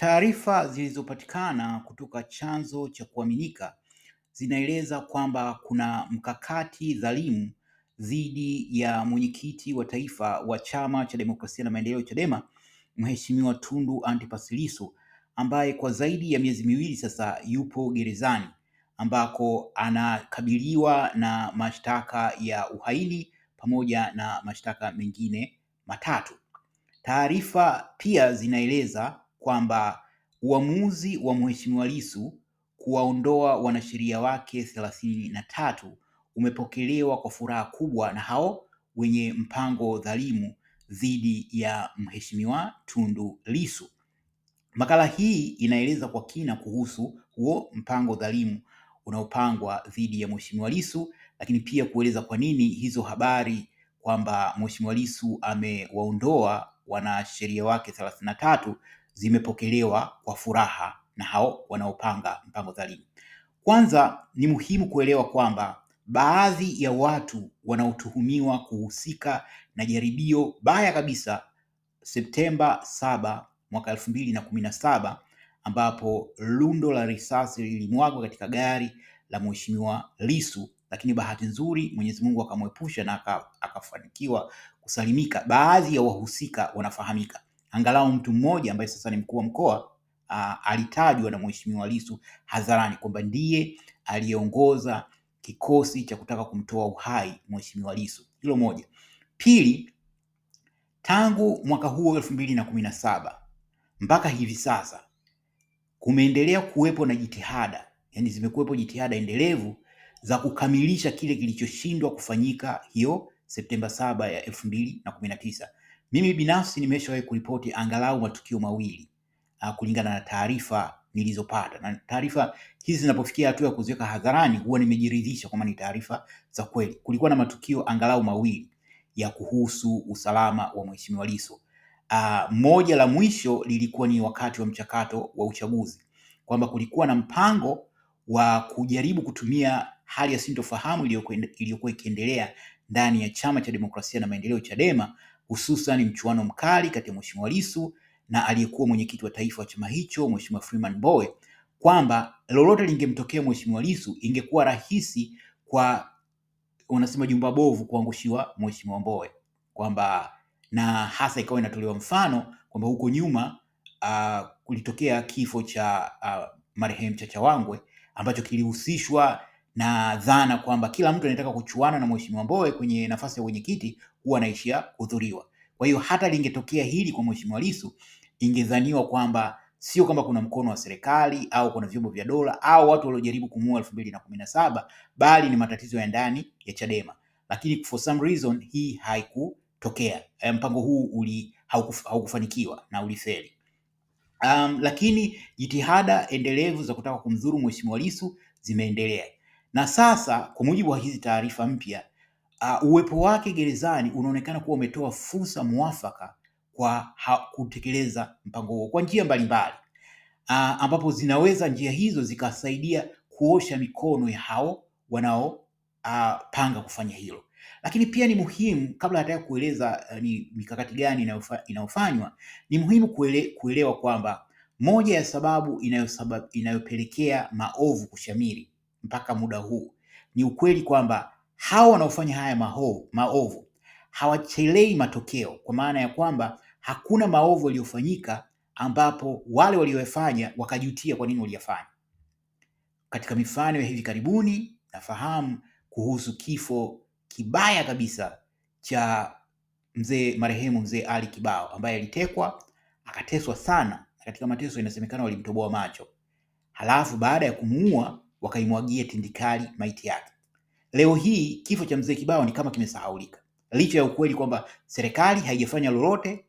Taarifa zilizopatikana kutoka chanzo cha kuaminika zinaeleza kwamba kuna mkakati dhalimu dhidi ya mwenyekiti wa taifa wa Chama cha Demokrasia na Maendeleo Chadema, Mheshimiwa Tundu Antipas Lissu ambaye kwa zaidi ya miezi miwili sasa yupo gerezani ambako anakabiliwa na mashtaka ya uhaini pamoja na mashtaka mengine matatu. Taarifa pia zinaeleza kwamba uamuzi wa Mheshimiwa Lissu kuwaondoa wanasheria wake thelathini na tatu umepokelewa kwa furaha kubwa na hao wenye mpango dhalimu dhidi ya Mheshimiwa Tundu Lissu. Makala hii inaeleza kwa kina kuhusu huo mpango dhalimu unaopangwa dhidi ya Mheshimiwa Lissu, lakini pia kueleza kwa nini hizo habari kwamba Mheshimiwa Lissu amewaondoa wanasheria wake thelathini na tatu zimepokelewa kwa furaha na hao wanaopanga mpango dhalimu. Kwanza ni muhimu kuelewa kwamba baadhi ya watu wanaotuhumiwa kuhusika na jaribio baya kabisa Septemba 7 mwaka elfu mbili na kumi na saba ambapo lundo la risasi lilimwagwa katika gari la Mheshimiwa Lissu, lakini bahati nzuri Mwenyezi Mungu akamwepusha na akafanikiwa kusalimika. Baadhi ya wahusika wanafahamika, angalau mtu mmoja ambaye sasa ni mkuu wa mkoa uh, alitajwa na Mheshimiwa Lissu hadharani kwamba ndiye aliyeongoza kikosi cha kutaka kumtoa uhai Mheshimiwa Lissu. Hilo moja. Pili, tangu mwaka huo elfu mbili na kumi na saba mpaka hivi sasa kumeendelea kuwepo na jitihada, yani zimekuwepo jitihada endelevu za kukamilisha kile kilichoshindwa kufanyika hiyo Septemba saba ya elfu mbili na kumi na tisa mimi binafsi nimeshawahi kuripoti angalau matukio mawili uh, kulingana na taarifa nilizopata, na taarifa hizi zinapofikia hatua ya kuziweka hadharani huwa nimejiridhisha kwamba ni taarifa za kweli. Kulikuwa na matukio angalau mawili ya kuhusu usalama wa Mheshimiwa Lissu. Uh, moja la mwisho lilikuwa ni wakati wa mchakato wa uchaguzi, kwamba kulikuwa na mpango wa kujaribu kutumia hali ya sintofahamu iliyokuwa ikiendelea ndani ya Chama cha Demokrasia na Maendeleo, Chadema, hususan mchuano mkali kati ya Mheshimiwa Lissu na aliyekuwa mwenyekiti wa taifa wa chama hicho Mheshimiwa Freeman Mbowe, kwamba lolote lingemtokea Mheshimiwa Lissu ingekuwa rahisi kwa wanasema jumba bovu kuangushiwa Mheshimiwa Mbowe, kwamba na hasa ikawa inatolewa mfano kwamba huko nyuma uh, kulitokea kifo cha uh, marehemu Chacha Wangwe ambacho kilihusishwa na dhana kwamba kila mtu anataka kuchuana na Mheshimiwa Mbowe kwenye nafasi ya mwenyekiti huwa anaishia kudhuriwa. Kwa hiyo hata lingetokea hili kwa Mheshimiwa Lissu, ingedhaniwa kwamba sio kwamba kuna mkono wa serikali au kuna vyombo vya dola au watu waliojaribu kumuua elfu mbili na kumi na saba bali ni matatizo ya ndani ya Chadema, lakini for some reason hii haikutokea. E, mpango huu uli haukufanikiwa na ulifeli. Um, lakini jitihada endelevu za kutaka kumdhuru Mheshimiwa Lissu zimeendelea na sasa, kwa mujibu wa hizi taarifa mpya uh, uwepo wake gerezani unaonekana kuwa umetoa fursa mwafaka kwa kutekeleza mpango huo kwa njia mbalimbali uh, ambapo zinaweza njia hizo zikasaidia kuosha mikono ya hao wanaopanga ah, uh, kufanya hilo lakini pia ni muhimu kabla hata kueleza uh, ni mikakati gani inayofanywa, ni muhimu kuele, kuelewa kwamba moja ya sababu inayosabab, inayopelekea maovu kushamiri mpaka muda huu ni ukweli kwamba hawa wanaofanya haya maho, maovu hawachelei matokeo, kwa maana ya kwamba hakuna maovu yaliyofanyika ambapo wale walioyafanya wakajutia kwa nini waliyafanya. Katika mifano ya hivi karibuni, nafahamu kuhusu kifo kibaya kabisa cha mzee marehemu mzee Ali Kibao ambaye alitekwa akateswa sana, na katika mateso inasemekana walimtoboa macho, halafu baada ya kumuua wakaimwagia tindikali maiti yake. Leo hii kifo cha mzee Kibao ni kama kimesahaulika, licha ya ukweli kwamba serikali haijafanya lolote.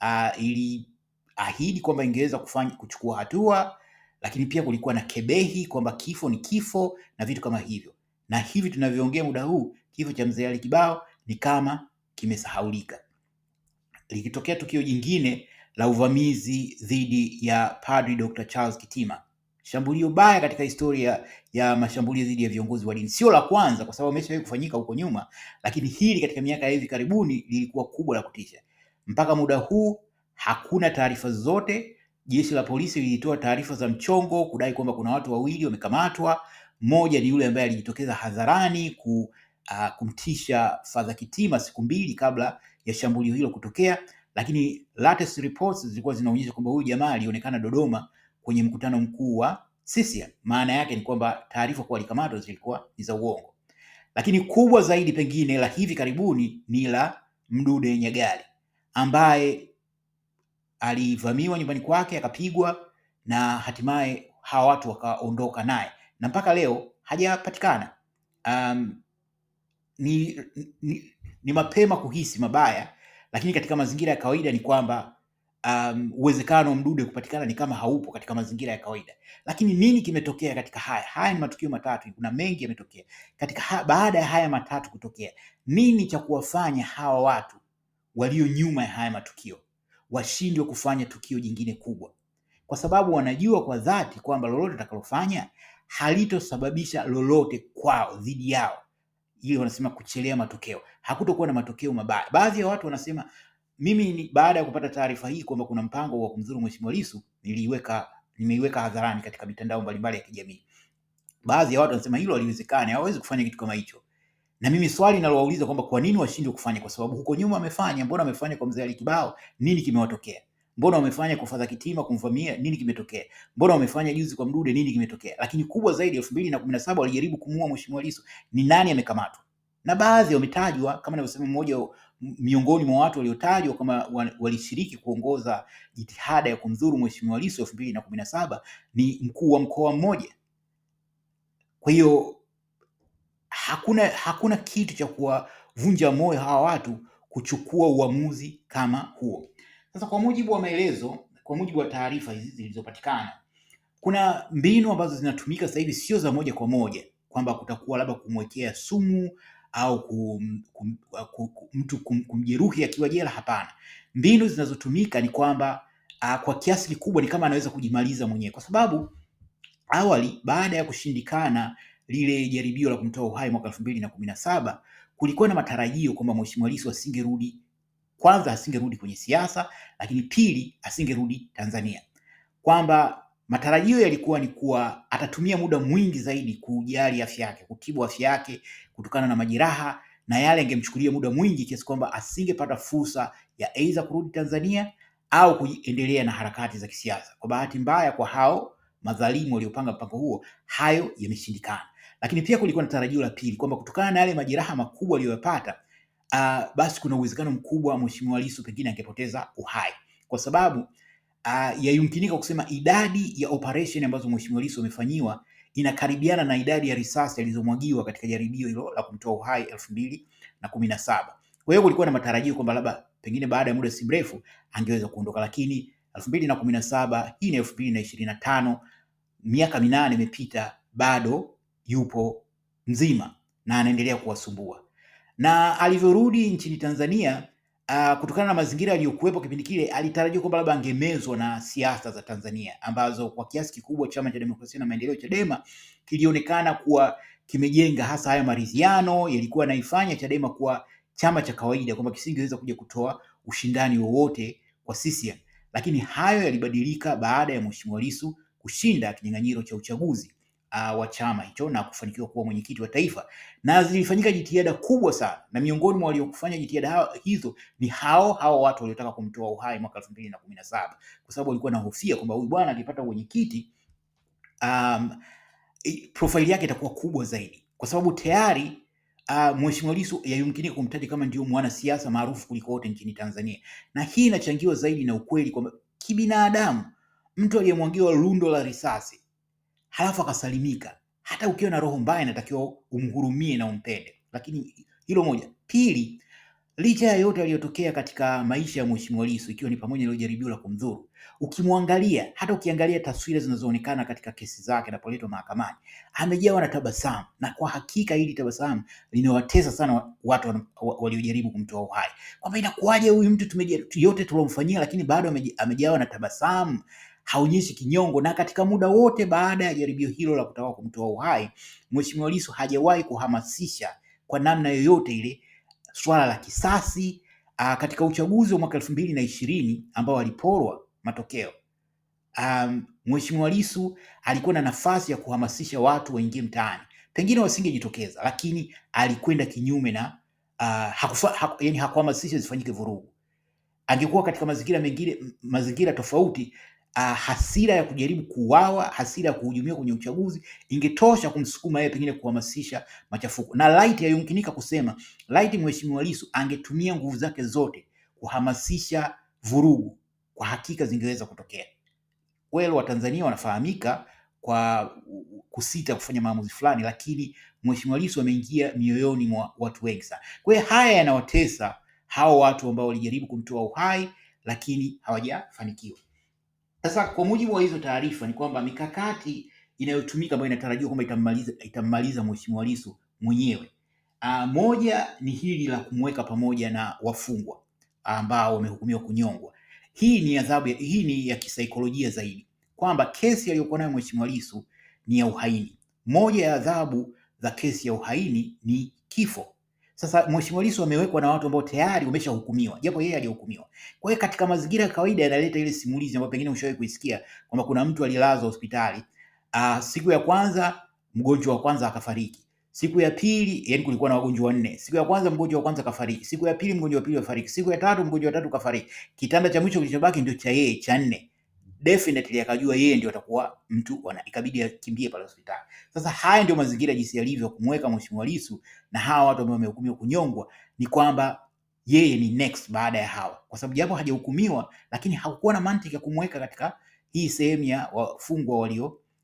Uh, iliahidi kwamba ingeweza kufanya kuchukua hatua, lakini pia kulikuwa na kebehi kwamba kifo ni kifo na vitu kama hivyo, na hivi tunavyoongea muda huu kifo cha mzee Ali Kibao ni kama kimesahaulika. Likitokea tukio jingine la uvamizi dhidi ya Padri Dr. Charles Kitima shambulio baya katika historia ya mashambulio dhidi ya viongozi wa dini. Sio la kwanza, kwa sababu ameshawahi kufanyika huko nyuma, lakini hili katika miaka ya hivi karibuni lilikuwa kubwa la kutisha. Mpaka muda huu hakuna taarifa zote. Jeshi la polisi lilitoa taarifa za mchongo kudai kwamba kuna watu wawili wamekamatwa. Mmoja ni yule ambaye alijitokeza hadharani ku, uh, kumtisha Father Kitima siku mbili kabla ya shambulio hilo kutokea, lakini latest reports zilikuwa zinaonyesha kwamba huyu jamaa alionekana Dodoma kwenye mkutano mkuu wa CCM. Maana yake ni kwamba taarifa kuwa alikamatwa zilikuwa ni za uongo, lakini kubwa zaidi pengine la hivi karibuni ni la Mdude Nyagali ambaye alivamiwa nyumbani kwake akapigwa na hatimaye hawa watu wakaondoka naye na mpaka leo hajapatikana. Um, ni, ni, ni mapema kuhisi mabaya, lakini katika mazingira ya kawaida ni kwamba um, uwezekano mdude kupatikana ni kama haupo katika mazingira ya kawaida. Lakini nini kimetokea katika haya? Haya ni matukio matatu, kuna mengi yametokea katika ha. Baada ya haya matatu kutokea, nini cha kuwafanya hawa watu walio nyuma ya haya matukio washindwe kufanya tukio jingine kubwa? Kwa sababu wanajua kwa dhati kwamba lolote atakalofanya halitosababisha lolote kwao dhidi yao, ili wanasema kuchelea matokeo, hakutokuwa na matokeo mabaya. Baadhi ya watu wanasema mimi ni, baada ya kupata taarifa hii kwamba kuna mpango wa kumdhuru Mheshimiwa Lissu niliiweka nimeiweka hadharani katika mitandao mbalimbali ya kijamii. Baadhi ya watu wanasema hilo haliwezekani, hawawezi kufanya kitu kama hicho. Na mimi swali ninalowauliza kwamba kwa nini washindwe kufanya? Kwa sababu huko nyuma wamefanya, mbona wamefanya kwa mzee Ali Kibao, nini kimewatokea? Mbona wamefanya kwa Fadha Kitima kumvamia, nini kimetokea? Mbona wamefanya juzi kwa Mdude, nini kimetokea? Lakini kubwa zaidi, elfu mbili na kumi na saba walijaribu kumuua Mheshimiwa Lissu, ni nani amekamatwa? Na baadhi wametajwa kama ninavyosema, mmoja miongoni mwa watu waliotajwa kama walishiriki kuongoza jitihada ya kumdhuru Mheshimiwa Lissu elfu mbili na kumi na saba ni mkuu wa mkoa mmoja. Kwa hiyo hakuna, hakuna kitu cha kuwavunja moyo hawa watu kuchukua uamuzi kama huo. Sasa kwa mujibu wa maelezo, kwa mujibu wa taarifa hizi zilizopatikana, kuna mbinu ambazo zinatumika sasa hivi, sio za moja kwa moja kwamba kutakuwa labda kumwekea sumu au kum, kum, kum, kum, mtu kum, kumjeruhi akiwa jela. Hapana, mbinu zinazotumika ni kwamba ah, kwa kiasi kikubwa ni kama anaweza kujimaliza mwenyewe, kwa sababu awali baada ya kushindikana lile jaribio la kumtoa uhai mwaka elfu mbili na kumi na saba kulikuwa na matarajio kwamba Mheshimiwa Lissu asingerudi, kwanza asingerudi kwenye siasa, lakini pili asingerudi Tanzania kwamba Matarajio yalikuwa ni kuwa atatumia muda mwingi zaidi kujali afya yake, kutibu afya yake kutokana na majeraha na yale yangemchukulia muda mwingi kiasi kwamba asingepata fursa ya aidha kurudi Tanzania au kuendelea na harakati za kisiasa. Kwa bahati mbaya kwa hao madhalimu waliopanga mpango huo, hayo yameshindikana. Lakini pia kulikuwa na tarajio la pili kwamba kutokana na yale majeraha makubwa aliyoyapata, uh, basi kuna uwezekano mkubwa Mheshimiwa Lissu pengine angepoteza uhai kwa sababu uh, yayumkinika kusema idadi ya operation ambazo Mheshimiwa Lissu amefanyiwa inakaribiana na idadi ya risasi alizomwagiwa katika jaribio hilo la kumtoa uhai elfu mbili na kumi na saba. Kwa hiyo kulikuwa na matarajio kwamba labda pengine baada ya muda si mrefu angeweza kuondoka, lakini elfu mbili na kumi na saba, hii ni elfu mbili na ishirini na tano, miaka minane imepita, bado yupo mzima na anaendelea kuwasumbua. Na alivyorudi nchini Tanzania uh, kutokana na mazingira yaliyokuwepo kipindi kile alitarajiwa kwamba labda angemezwa na siasa za Tanzania ambazo kwa kiasi kikubwa chama cha demokrasia na maendeleo Chadema kilionekana kuwa kimejenga, hasa haya maridhiano yalikuwa yanaifanya Chadema kuwa chama cha kawaida, kwamba kisingeweza kuja kutoa ushindani wowote kwa CCM. Lakini hayo yalibadilika baada ya Mheshimiwa Lissu kushinda kinyang'anyiro cha uchaguzi uh, wa chama hicho na kufanikiwa kuwa mwenyekiti wa taifa, na zilifanyika jitihada kubwa sana, na miongoni mwa waliokufanya jitihada hizo ni hao hao watu waliotaka kumtoa uhai mwaka elfu mbili na kumi na saba kwa sababu walikuwa na hofia kwamba huyu bwana akipata mwenyekiti um, profile yake itakuwa kubwa zaidi, kwa sababu tayari Uh, Mheshimiwa Lissu yayumkinika kumtaja kama ndio mwanasiasa maarufu kuliko wote nchini Tanzania, na hii inachangiwa zaidi na ukweli kwamba kibinadamu, mtu aliyemwangiwa lundo la risasi halafu akasalimika. Hata ukiwa na roho mbaya, inatakiwa umhurumie na umpende. Lakini hilo moja. Pili, licha ya yote yaliyotokea katika maisha ya Mheshimiwa Lissu, ikiwa ni pamoja na jaribio la kumdhuru, ukimwangalia, hata ukiangalia taswira zinazoonekana katika kesi zake anapoletwa mahakamani, amejawa na tabasamu, na kwa hakika hili tabasamu linawatesa sana watu waliojaribu kumtoa uhai, kwamba inakuwaje huyu mtu tumeje, yote tulomfanyia, lakini bado amejawa na tabasamu haonyeshi kinyongo, na katika muda wote baada ya jaribio hilo la kutaka kumtoa uhai, Mheshimiwa Lissu hajawahi kuhamasisha kwa namna yoyote ile swala la kisasi. Uh, katika uchaguzi wa mwaka elfu mbili na ishirini ambao aliporwa matokeo um, Mheshimiwa Lissu alikuwa na nafasi ya kuhamasisha watu waingie mtaani, pengine wasingejitokeza, lakini alikwenda kinyume na uh, hakufa, haku, yani hakuhamasisha zifanyike vurugu. Angekuwa katika mazingira mengine, mazingira tofauti, uh, hasira ya kujaribu kuuawa, hasira ya kuhujumiwa kwenye uchaguzi ingetosha kumsukuma yeye pengine kuhamasisha machafuko. Na light yayumkinika kusema light, Mheshimiwa Lissu angetumia nguvu zake zote kuhamasisha vurugu, kwa hakika zingeweza kutokea. Well, Watanzania wanafahamika kwa kusita kufanya maamuzi fulani, lakini Mheshimiwa Lissu ameingia mioyoni mwa watu wengi sana. Kwa hiyo haya yanawatesa hao watu ambao walijaribu kumtoa uhai lakini hawajafanikiwa. Sasa kwa mujibu wa hizo taarifa ni kwamba mikakati inayotumika ambayo inatarajiwa kwamba itammaliza itamaliza Mheshimiwa Lissu mwenyewe. A, ah, moja ni hili la kumweka pamoja na wafungwa ambao wamehukumiwa kunyongwa. Hii ni adhabu, hii ni ya kisaikolojia zaidi kwamba kesi aliyokuwa nayo Mheshimiwa Lissu ni ya uhaini. Moja ya adhabu za kesi ya uhaini ni kifo. Sasa Mheshimiwa Lissu amewekwa na watu ambao tayari wameshahukumiwa, japo yeye alihukumiwa. Kwa hiyo katika mazingira ya kawaida yanaleta ile simulizi ambayo pengine ushawahi kuisikia kwamba kuna mtu alilazwa hospitali uh, siku ya kwanza mgonjwa wa kwanza akafariki siku ya pili, yani kulikuwa na wagonjwa wanne. Siku ya kwanza mgonjwa wa kwanza kafariki, siku ya pili mgonjwa wa pili kafariki, siku ya tatu mgonjwa wa tatu kafariki, kitanda cha mwisho kilichobaki ndio cha yeye cha nne definitely akajua yeye ndio atakuwa mtu wana, ikabidi akimbie pale hospitali. Sasa haya ndio mazingira jinsi yalivyo kumweka Mheshimiwa Lissu na hawa watu ambao wamehukumiwa kunyongwa, ni kwamba yeye ni next baada ya hawa, kwa sababu japo hajahukumiwa lakini hakukuwa na mantiki ya kumweka katika hii sehemu ya wafungwa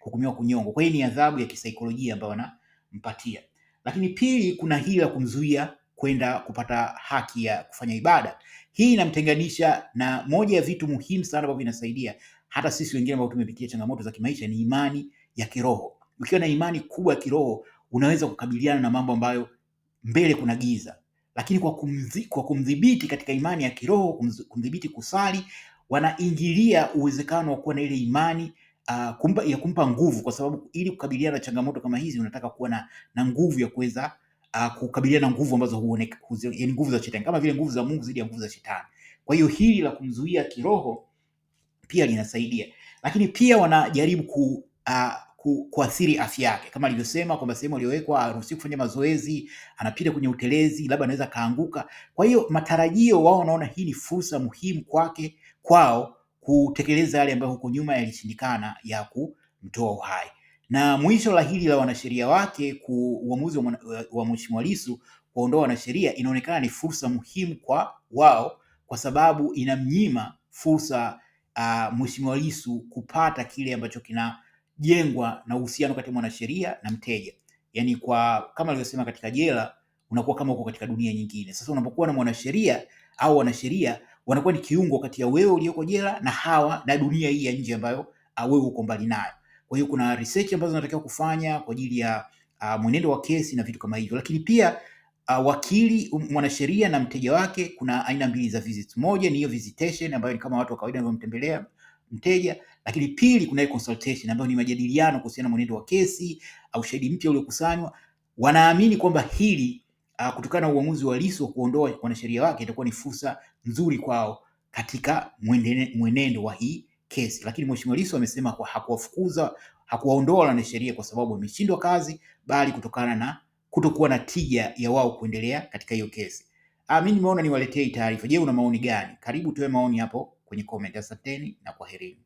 hukumiwa kunyongwa. Kwa hiyo ni adhabu ya kisaikolojia ambayo wanampatia, lakini pili, kuna hila la kumzuia kwenda kupata haki ya kufanya ibada. Hii inamtenganisha na moja ya vitu muhimu sana ambavyo vinasaidia hata sisi wengine ambao tumepitia changamoto za kimaisha ni imani ya kiroho. Ukiwa na imani kubwa ya kiroho, unaweza kukabiliana na mambo ambayo mbele kuna giza, lakini kwa kumdhibiti, kwa kumdhibiti katika imani ya kiroho, kumdhibiti kusali, wanaingilia uwezekano wa kuwa na ile imani uh, kumpa, ya kumpa nguvu, kwa sababu ili kukabiliana na changamoto kama hizi unataka kuwa na, na nguvu ya kuweza uh, kukabiliana na nguvu ambazo yani nguvu za shetani, kama vile nguvu za Mungu zidi ya nguvu za shetani. Kwa hiyo hili la kumzuia kiroho pia linasaidia, lakini pia wanajaribu ku, uh, ku, kuathiri afya yake, kama alivyosema kwamba sehemu aliyowekwa haruhusiwi kufanya mazoezi, anapita kwenye utelezi, labda anaweza akaanguka. Kwa hiyo matarajio wao, wanaona hii ni fursa muhimu kwake kwao kutekeleza yale ambayo huko nyuma yalishindikana ya kumtoa uhai. Na mwisho la hili la wanasheria wake ku uamuzi wa Mheshimiwa Lissu kuondoa wanasheria inaonekana ni fursa muhimu kwa wao, kwa sababu inamnyima fursa uh, Mheshimiwa Lissu kupata kile ambacho kinajengwa na uhusiano kati ya mwanasheria na mteja. Yaani kwa kama alivyosema katika jela unakuwa kama uko katika dunia nyingine. Sasa unapokuwa na mwanasheria au wanasheria wanakuwa ni kiungo kati ya wewe ulioko jela na hawa na dunia hii ya nje ambayo ah, wewe uko mbali nayo. Kwa hiyo kuna research ambazo unatakiwa kufanya kwa ajili ya uh, mwenendo wa kesi na vitu kama hivyo, lakini pia uh, wakili um, mwanasheria na mteja wake, kuna aina mbili za visit. Moja ni hiyo visitation ambayo ni kama watu wa kawaida wanamtembelea mteja, lakini pili kuna consultation ambayo ni majadiliano kuhusiana na mwenendo wa kesi au ushahidi mpya uliokusanywa. Wanaamini kwamba hili uh, kutokana na uamuzi wa Lissu kuondoa mwanasheria wake itakuwa ni fursa nzuri kwao katika mwenendo wa hii kesi, lakini Mheshimiwa Lissu amesema hakuwafukuza hakuwaondoa wanasheria kwa sababu wameshindwa kazi, bali kutokana na kutokuwa na tija ya wao kuendelea katika hiyo kesi. Ah, mimi nimeona niwaletee taarifa. Je, una maoni gani? Karibu tuwe maoni hapo kwenye comment. Asanteni na kwaherini.